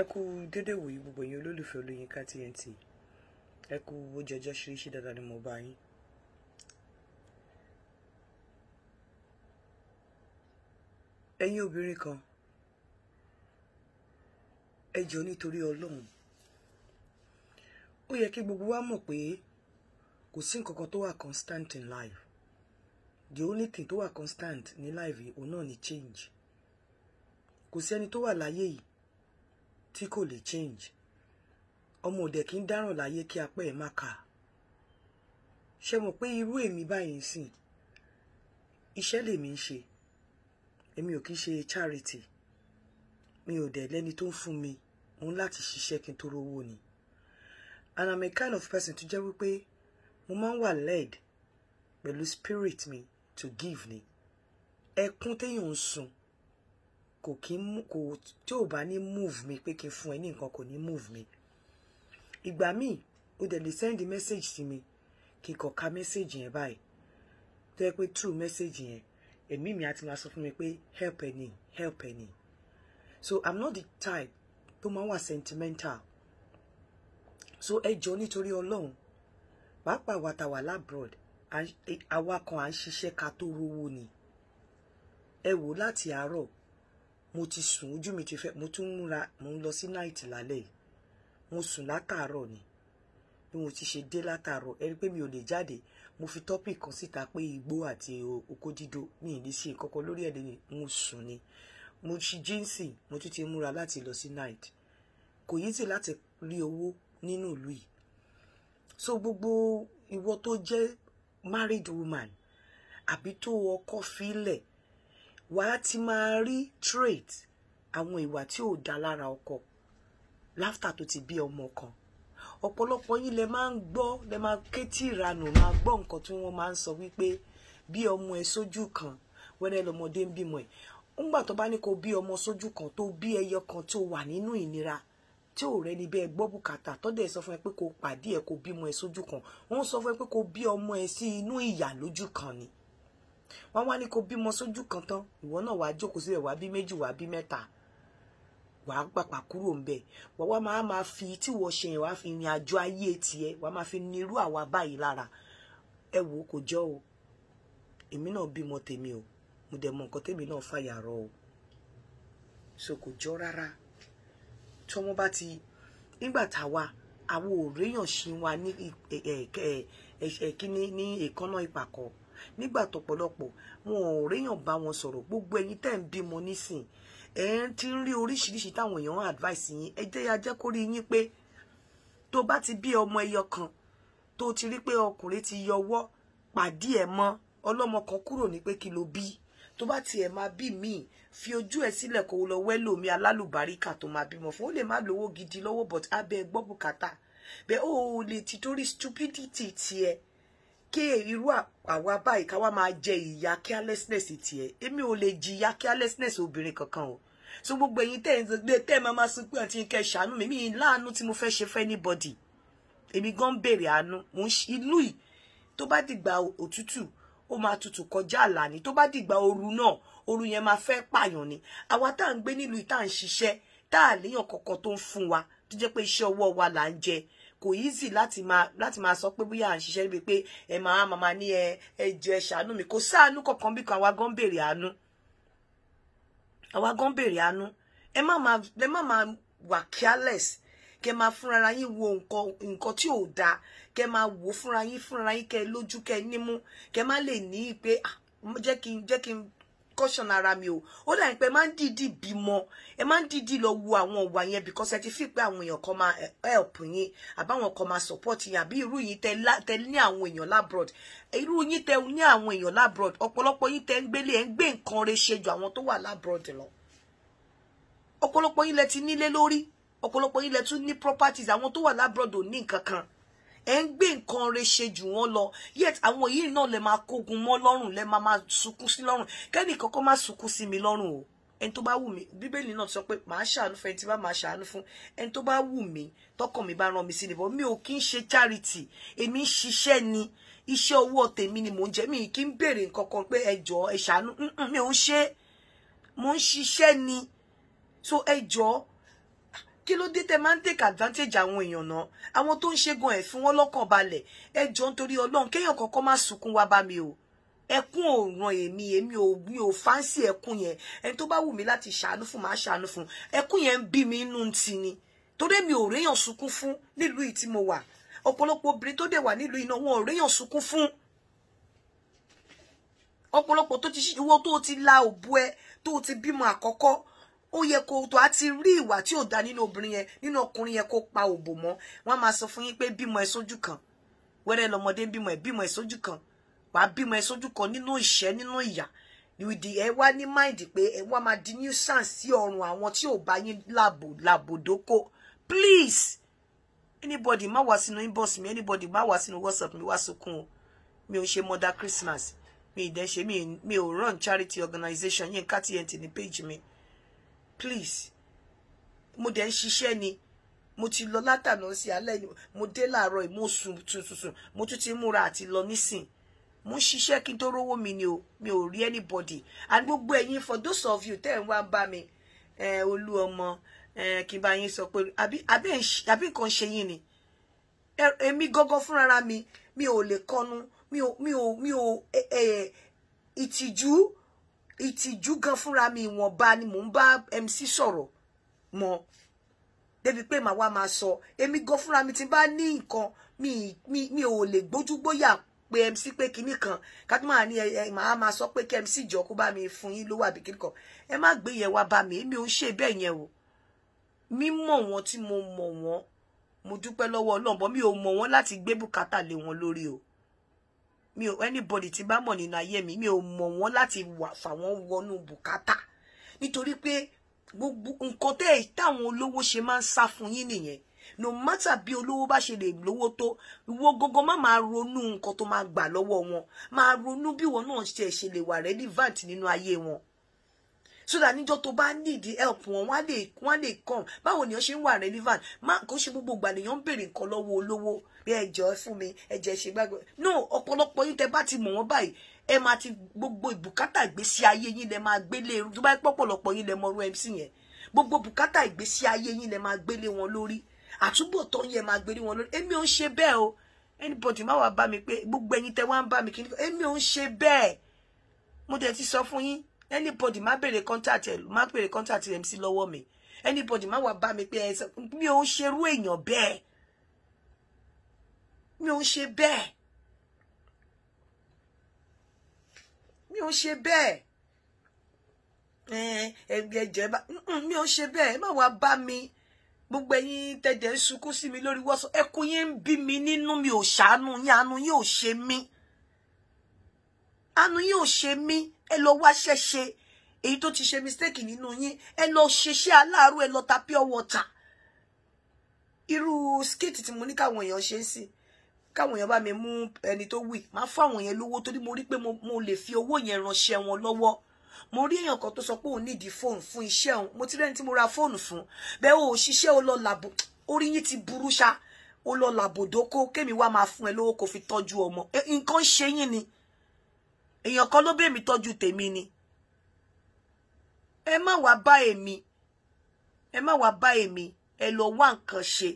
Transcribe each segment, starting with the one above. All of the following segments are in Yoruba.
ẹ kú dédé wòye gbogbo ẹ̀yin olólùfẹ́ Olóyinka TNT ẹ kú ojú ọjọ́ ṣíríṣí dáadáa ni mo bá yín. ẹ̀yin obìnrin kan ẹ jọ nítorí Ọlọ́run ó yẹ kí gbogbo wa mọ̀ pé kò sí nǹkan tó wà constant in life the only thing tó wà constant ní life yìí òun náà ni change kò sí ẹni tó wà láyé yìí tí kò lè change ọmọ òdẹ kì í dáràn láyé kí apẹ́ ẹ̀ má kà ṣe mọ̀ pé irú èmi báyìí sìn iṣẹ́ lèmi ń ṣe èmi ò kì í ṣe charity mi ò dẹ̀ lẹ́ni tó ń fún mi òun láti ṣiṣẹ́ kí n tó rówó ni and i'm a kind of person tó jẹ́ wípé mo máa ń wà led pẹ̀lú spirit mi to give ni ẹkún téèyàn ń sun kò kí ń kò tí ò bá ní move mi pé kí n fún ẹ ní nǹkan kò ní move mi ìgbà míì ó dẹ̀ lè send message sí mi kí n kàn ka message yẹn báyìí tó yẹ pé true message yẹn ẹ̀mí mi á máa sọ fún mi pé help ẹ ní help ẹ so i'm not the type tó máa wà sentimental so ẹ jọ nítorí ọlọ́run pàápàá wa ta wà labroad àwa kan à ń ṣiṣẹ́ ká tó rówó ni ẹ wò láti àárọ̀ mo ti sùn ojú mi ti fẹ́ mo tún múra mo ń lọ sí náìtì lálẹ́ yìí mo sùn látàárọ̀ ni bí mo ti ṣe dé látàárọ̀ ẹ rí pé mi ò lè jáde mo fi tọ́pìkì kan síta pé igbó àti oko dídó mi ì ní ṣe kọ́kọ́ lórí ẹ̀ lẹ́yìn mo sùn ni mo ṣi jíǹsì mo tún ti múra láti lọ sí náìtì kò yí sì láti rí owó nínú ìlú yìí so gbogbo ìwọ tó jẹ́ married woman àbí tó ọkọ fílẹ̀ wà á ti máa rí trait àwọn ìwà tí ò dá lára ọkọ láftà tó ti bí ọmọ kan ọ̀pọ̀lọpọ̀ yín lẹ máa ń gbọ́ lẹ máa kétí ìranù máa gbọ́ nǹkan tí wọ́n máa ń sọ wípé bí ọmọ ẹ sójú kan wẹ́rẹ́ lọmọdé ń bímọ ẹ̀ ńgbà tó bá ní kó bí ọmọ sójú kan tó bí ẹyọ kan tó wà nínú ìnira tí ò rẹ níbẹ̀ gbọ́ bùkátà tọ́dẹ̀ sọ fún ẹ pé kó pàdé ẹ kó bímọ ẹ sójú kan wọ́n sọ fún ẹ pé kó bí ọmọ ẹ sí inú ìyà kan ni wọ́n wá ní kó bímọ sójú kan tán ìwọ náà wàá jókòó síbẹ̀ wàá bí méjì wàá bí mẹ́ta wàá pàpà kúrò ń bẹ̀ wàá wá máa máa fi tí wọ́n ṣe yẹn wàá fi rin àjọ ayé tiẹ̀ wàá máa fi nírú àwa báyìí lára ẹ wò ó kò jọ o èmi náà bímọ tèmi o mo dẹ̀ mọ nǹkan tèmi náà fàyà rọ o so kò jọ rárá tọmọ bá ti nígbà táwa àwọn òréyàn ṣì wà ní kíní ní èékánná ìpàkọ́ nígbà tọ̀pọ̀lọpọ̀ wọn ò réyàn bá wọn sọ̀rọ̀ gbogbo ẹ̀yin tẹ́ ń bímọ nísìn ẹ̀ ń rí oríṣiríṣi táwọn èèyàn advice yín ẹ jẹ́ ya jẹ́ kó rí yín pé tó bá ti bí ọmọ ẹyọ kan tó ti rí pé ọkùnrin ti yọwọ́ pàdí ẹ̀ mọ́ ọlọ́mọ kan kúrò ní pé kí ló bí tó bá tiẹ̀ máa bí míì fi ojú ẹ̀ sílẹ̀ kó lọ wẹ́lòmí alálùbáríkà tó máa bímọ fún ó lè má lówó gidi lọ́wọ́ but abẹ́ gbọ́ bùkátà bẹ́ẹ̀ ó lè ti torí stupidity tiẹ̀ ké irú àwa báyìí ká wá máa jẹ ìyà carelessness tiẹ̀ èmi ò lè jìyà carelessness obìnrin kankan o so gbogbo ẹ̀yin tẹ́ ń gbé tẹ́ máa máa sunkún àti kẹ́ ṣàánú mi mi láàánú tí mo fẹ́ ṣe fẹ́ anybody èmi gan béèrè àánú mo ń ìlú yìí tó bá dìgbà òtútù ó máa tutù kọjá ni tó bá dìgbà oru náà ooru yẹn máa fẹ́ pààyàn ni àwa tá à ń gbé nílùú tá à ń ṣiṣẹ́ tá à léèyàn kọ̀ọ̀kan wa tó jẹ́ pé iṣẹ́ ọwọ́ wa là ń jẹ kò easy láti máa láti máa sọ pé bóyá à ń ṣiṣẹ́ níbi pé ẹ máa màmá ní ẹ ẹ jọ ẹ ṣàánú mi kò sáànú kankan bí kan àwa gan béèrè àánú àwa gan béèrè àánú ẹ má máa ẹ má máa wà careless kẹ máa fúnra yín wo nǹkan nǹkan tí ò dáa kẹ máa wò fúnra yín fúnra yín kẹ lójú kẹ nímú kẹ má lè ní pé jẹ́ kí n jẹ́ kí n caution ara mi o ó dà ní pé ẹ máa ń dìídì bímọ ẹ máa ń dìídì lọ wo àwọn ìwà yẹn because ẹ ti fi pé àwọn èèyàn kan máa eh, help yín àbáwọn kan máa support yín àbí irú yín tẹ ní àwọn èèyàn labroad irú yín tẹ ní àwọn èèyàn labroad ọ̀pọ̀lọpọ̀ yín tẹ ń gbélé ẹ ń gbé nǹkan re ṣe ju àwọn tó wà labroad lọ ọ̀pọ̀lọpọ̀ yín lẹ ti nílé lórí ọ̀pọ̀lọpọ̀ yín lẹ tún ní properties àwọn tó wà labroad ò ní nǹkan kan ẹ ń gbé nǹkan re ṣe jù wọ́n lọ yet àwọn yìí náà lè máa kógun mọ́ lọ́rùn lè máa máa sunkún sí lọ́rùn kẹ́ni kọ́kọ́ má sunkún sí mi lọ́rùn o ẹni tó bá wù mí bíbélì náà sọ pé màá ṣàánú fún tí bá màá ṣàánú fún ẹni tó bá wù mí tọkàn mi bá rán mi sí ni bọ́ mi ò kí ń ṣe charity èmi ń ṣiṣẹ́ ni iṣẹ́ owó tèmi ni mò ń jẹ mi kì í béèrè nǹkan pé ẹ jọ̀ọ́ ẹ ṣàánú mi ò ń ṣe mo ń ṣiṣẹ́ ni so ẹ jọ̀ọ́ kí ló dé tẹ máa ń take advantage àwọn èèyàn náà àwọn tó ń ṣe gan ẹ fún wọn lọ́kàn balẹ̀ ẹ jọ nítorí Ọlọ́run kéèyàn kọ́kọ́ má sunkún wá bá mi o ẹkún ò ràn èmi èmi ò mi ò fáǹsì ẹkún yẹn ẹni tó bá wù mí láti ṣàánú fún màá ṣàánú fún ẹkún yẹn ń bí mi inú ti ni torí mi ò réyàn sunkún fún nílùú yìí tí mo wà ọ̀pọ̀lọpọ̀ obìnrin tó dẹ̀ wà nílùú iná wọn ò réyàn sunkún fún ọ̀pọ̀lọpọ̀ tó ti ṣíwọ́ tó ti la òbú ẹ tó ti bímọ àkọ́kọ́ ó yẹ kó tó a ti rí ìwà tí ò dá nínú obìnrin yẹn nínú ọkùnrin yẹn kó pa òbò mọ́ wọ́n máa sọ fún yín pé bímọ ẹ sójú kan wẹ́rẹ́ lọmọdé bímọ ẹ bímọ ẹ sójú kan wà á bímọ ẹ sójú kan nínú ìṣẹ́ nínú ìyà ìdí ẹ wá ní mind pé ẹ wá máa di nuisance sí ọrùn àwọn tí ò bá yín Labo. làbòdókò please anybody má wá sínú inbox me. anybody má wá sínú whatsapp mi wá sunkún o mi ò ṣe mother christmas mi ì dẹ́ ṣe mi ò run charity organization yín ká TNT ní page me please mo dẹ̀ ń ṣiṣẹ́ ni mo ti lọ látàná sí alẹ́ ni mo dé láàárọ̀ mo sùn tuntun mo tún ti múra àti lọ nísìn mo ń ṣiṣẹ́ kí n mi ni o mi ò rí anybody and gbogbo ẹ̀yin for those of you tẹ́ ẹ̀ ń wá bá mi olú ọmọ kí n bá yín sọ pé àbí nǹkan ṣe yín ni èmi gọ́gọ́ fúnra mi mi ò lè kọnu mi ò mi ò mi ò eh itiju ìtìjú gan fúnra mi ìwọ̀nba ni mò ń bá MC sọ̀rọ̀ mọ́ débi pé màá wá máa sọ èmi gan fúnra mi ti bá ní nǹkan mi mi mi ò lè gbójúgbóyà pé MC pé kinní kan ká tó máa ní ẹ màá máa sọ pé kí MC jọ kó bá mi fún yín lówó àbí kinní kan ẹ má gbé yẹn wá bá mi èmi ò ń ṣe bẹ́ẹ̀ yẹn o mímọ̀ wọn tí mo mọ̀ wọn mo dúpẹ́ lọ́wọ́ Ọlọ́run bọ́ mi ò mọ̀ wọn láti gbé bùkátà lé wọn lórí o mi ò anybody tí bá mọ̀ nínú ayé mi mi ò mọ̀ wọ́n láti wà fà wọ́n wọnú bùkátà nítorí pé gbogbo nǹkan tẹ́ ẹ̀ táwọn olówó ṣe máa ń sá fún no matter bí ba bá ṣe lè lówó tó ìwọ gógó má máa ronú nǹkan tó máa gbà lọ́wọ́ wọn máa ronú bí wọn náà ṣe ṣe lè wà relevant nínú ayé wọn so that níjọ́ tó bá need help wọn wọ́n lè wọ́n lè come báwo ni ó ṣe ń wà relevant má kó ṣe gbogbo ìgbà nìyàn ń béèrè nǹkan lọ́wọ́ olówó bí ẹjọ́ fún mi ẹjẹ ṣe gbàgbọ́ no ọ̀pọ̀lọpọ̀ yín tẹ́ bá ti mọ̀ wọ́n báyìí ẹ máa ti gbogbo ìbùkátà ìgbésí ayé yín lẹ máa gbélé tó bá pọ̀pọ̀lọpọ̀ yín lẹ mọrú MC yẹn gbogbo bùkátà ìgbésí ayé yín lẹ máa gbélé wọn lórí àtúbọ̀tán yẹn máa gbélé wọn lórí èmi ò ń ṣe bẹ́ẹ̀ o anybody má wàá bá mi pé gbogbo ẹ̀yin tẹ́ wá ń bá mi kí ni èmi ò ń ṣe bẹ́ẹ̀ mo dẹ̀ ti sọ fún yín anybody ma béèrè contact ẹ ma béèrè contact MC lọ́wọ́ mi anybody má wá bá mi pé ẹ mi ò ń ṣerú èèyàn bẹ́ẹ̀ mi ò ń ṣe bẹ́ẹ̀ mi ò ń ṣe bẹ́ẹ̀ ẹgbẹ́ jẹ́ ba mi ò ń ṣe bẹ́ẹ̀ ẹ má wá bá mi gbogbo ẹ̀yin tẹ̀dẹ̀ ń sunkún mi lórí wọ́sọ̀ ẹkún yín ń bí mi nínú mi ò ṣàánú yín àánú yín ò ṣe mí àánú yóò ṣe mí ẹ lọ wá ṣẹṣe èyí tó ti ṣe mistake nínú yín ẹ lọ ṣeṣe aláàárọ̀ ẹ lọ ta pure water iru skit tí mo ní káwọn èèyàn ṣe sí káwọn èèyàn bá mi mú ẹni tó wì máa fún àwọn yẹn lówó torí mo rí pé mo lè fi owó yẹn ránṣẹ́ wọn lọ́wọ́ mo rí èèyàn kan tó sọ pé òun nídìí fóònù fún iṣẹ́ òun mo ti rẹ́ni tí mo ra fóònù fún bẹ́ẹ̀ o ṣiṣẹ́ o lọ làbò orí yín ti burú ṣá o lọ làbòdókó kémi wá máa fún ẹ lówó kó fi tọ́jú ọmọ nǹkan ṣe yín ni èèyàn kan ló bẹ̀ mí tọ́jú tèmi ni ẹ má wá bá èmi ẹ má wá bá èmi ẹ lọ wá nǹkan ṣe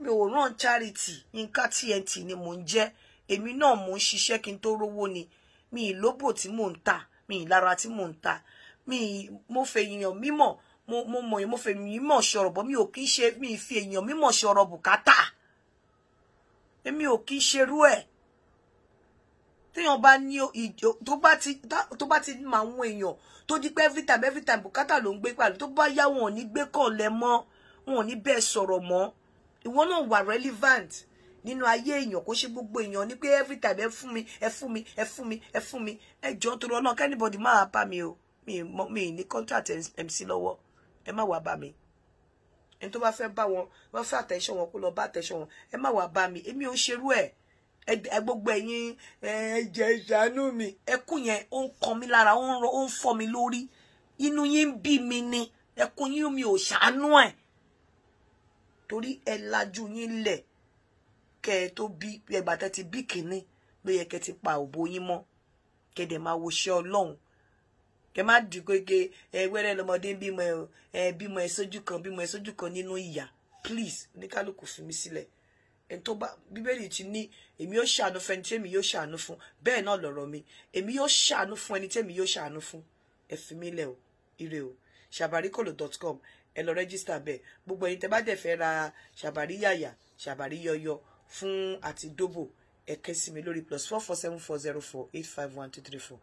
mi ò ràn charity Yinka TNT ni mò ń jẹ́ èmi náà mò ń ṣiṣẹ́ kí n tó rówó ni mi ì lóbò tí mò ń tà mi ì lára tí mò ń tà mi ì mo fẹ́ èèyàn mímọ̀ mo mo mo fẹ́ mímọ̀ sọ̀rọ̀ bọ́ mi ò kí ṣe mi ì fi èèyàn mímọ̀ sọ̀rọ̀ bùkátà èmi ò kí ṣerú ẹ̀ téèyàn bá ní ìjọ tó bá ti tó bá ti máa wọn èèyàn tó di pé every time every time bùkátà ló ń gbé pàdé tó bá yá wọn ò ní gbé kàn lẹ mọ́ wọn ò ní bẹ́ẹ̀ sọ̀rọ̀ mọ́ ìwọ náà wà relevant nínú ayé èèyàn kó ṣe gbogbo èèyàn ni pé every time ẹ fún mi ẹ fún mi ẹ fún mi ẹ fún mi ẹ jọ nítorí Ọlọ́run kẹ́nìbọ̀dì máa bá mi o mi ní contract MC lọ́wọ́ ẹ má wàá bá mi ẹni tó bá fẹ́ bá wọn wọ́n fẹ́ àtẹ̀ṣọ́ wọn kó lọ bá àtẹ̀ṣọ́ wọn ẹ má wàá bá mi èmi ò ṣerú ẹ̀ ẹ gbogbo ẹ̀yin ẹ̀jẹ̀ ìṣàánú mi ẹkún yẹn ó ń kan mi lára ó ń rọ ó ń fọ́ mi lórí inú yín ń bí mi ni ẹkún yín mi ò ṣàánú ẹ̀ torí ẹ lajú yín lẹ̀ kẹ ẹ tó bí ẹgbà tẹ ti bí kínní ló yẹ kẹ ti pa òbó yín mọ́ kẹ dẹ̀ máa woṣẹ́ ọlọ́run kẹ má dì gbége ẹ lọmọdé bímọ ẹ bímọ ẹ sójú kan bímọ ẹ sójú kan nínú ìyà please oníkálukú fi mí sílẹ̀. Si ẹni tó bá bíbélì ti ní èmi yóò ṣàánú fún ẹni tí èmi yóò ṣàánú fún bẹ́ẹ̀ náà lọ̀rọ̀ mi èmi yóò ṣàánú fún ẹni tí èmi yóò ṣàánú fún ẹ fi mí o ire o ṣàbàríkòlò dot com ẹ lọ rẹ́gísítà bẹ́ẹ̀ gbogbo ẹ̀yin tẹ́ bá dẹ̀ fẹ́ ra ṣàbàrí yàyà ṣàbàrí yọyọ fún àti dóbò ẹ sí mi lórí plus four four seven four zero four eight five one two three four